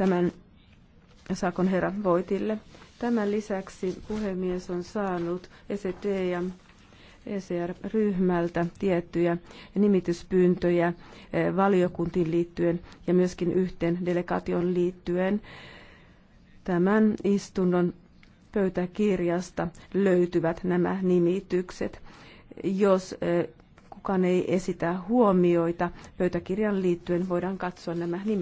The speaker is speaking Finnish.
tämän sakon herra Voitille. Tämän lisäksi puhemies on saanut ECT ja ECR-ryhmältä tiettyjä nimityspyyntöjä eh, valiokuntiin liittyen ja myöskin yhteen delegaation liittyen. Tämän istunnon pöytäkirjasta löytyvät nämä nimitykset. Jos eh, kukaan ei esitä huomioita pöytäkirjan liittyen, voidaan katsoa nämä nimitykset.